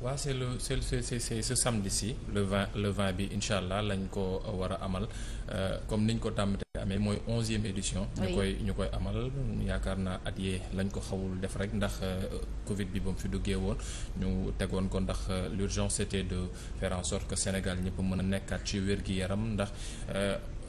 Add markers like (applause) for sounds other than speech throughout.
waa c'est le c'est c'est c'est ce samedi si le 20 le 20 bi incha allah lañ ko war a amal euh, comme niñ ko tàmmatee amee mooy onzième édition ñu koy ñu koy amal yaakaar na at yee lañ ko xawul def rek ndax euh, covid bi ba mu fi duggee woon ñu tegoon ko ndax euh, l'urgence c'était de faire en sorte Sénégal ñëpp mën a nekkaat ci wér-gi-yaram ndax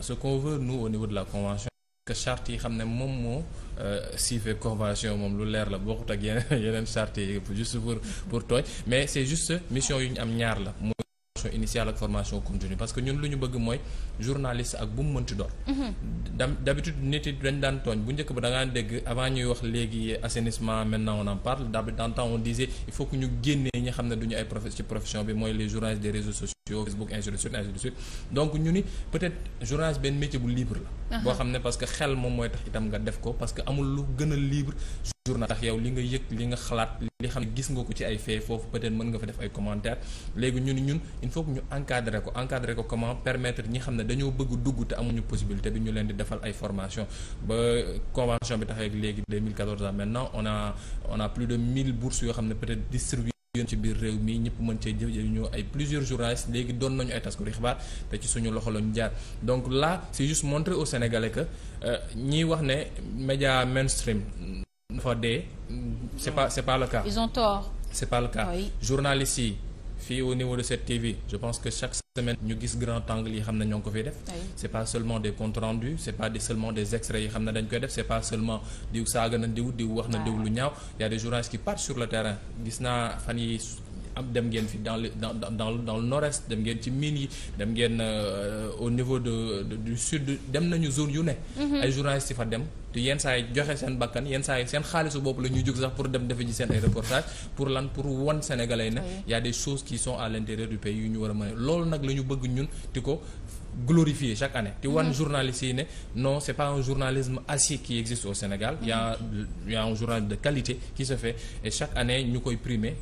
ce qu'on veut nous au la convention que charte yi xam ne moom moo euh, suivre convention moom lu leer la bokkut ak yeneen (laughs) yeneen charte yi juste pour pour tooñ mais c'est juste mission yu ñu am ñaar la mooy formation initiale ak formation continue parce que ñun lu ñu bëgg mooy journaliste ak bu mu mënti door mhm. d'habitude nit yi dañ daan tooñ bu njëkk ba da ngaa dégg avant ñuy wax léegi assainissement maintenant on en parle d'habitude dans on disait il faut que ñu génnee ñi xam ne du ñu ay profession ci Facebook ainsi de suite ainsi de suite donc ñu ni peut-être benn métier bu libre la boo xam ne parce que xel moom mooy tax itam nga def ko parce que amul lu gën libre journal tax li nga yëg li nga xalaat li xam ne gis nga ko ci ay fait foofu peut mën nga fa def ay commentaires léegi ñu ni ñun il faut ñu encadrer ko encadrer ko comment permettre ñi xam ne dañoo bëgg dugg te amuñu possibilité bi ñu leen di defal ay formation ba convention yoon ci biir réew mi ñëpp mën cee jëf ñu ay plusieurs journalistes léegi doon nañu ay taskatu xibaar te ci suñu loxo lañu jaar donc la c'est juste montrer aux Sénégalais que euh, ñi wax ne média mainstream dafa dee c'est pas c'est pas le cas. ils ont tort. c'est pas le cas oui. yi. fii au niveau de TV je pense que chaque semaine ñu gis grand angle yi xam ne ñoo ngi ko fiy def c'est pas seulement des comptes rendus c'est pas des seulement des extraits yi xam ne dañ koy def c'est pas seulement diw saaga na diw diw wax na diw lu ñaaw y a des journalistes qui partent sur le terrain gis naa fan yi am dem ngeen fi dans le dans dans dans le nord-est dem ngeen ci mines yi dem ngeen euh, au niveau de du sud dem nañu zone yu ne. Mhm. ay journalistes yi fa dem te yenn saa yi joxe seen bakkan yenn saa yi seen xaalisu bopp la ñuy jóg sax pour dem defe ji seen ay reportage pour lan pour wan sénégalais ne. y a des choses qui sont à l'intérieur du pays yu ñu war a mën nag la ñu bëgg ñun di ko. glorifié chaque année ti wan mhm. journaliste yi ne non c'est pas un journalisme assis qui existe au Sénégal il y a mhm. a un ñu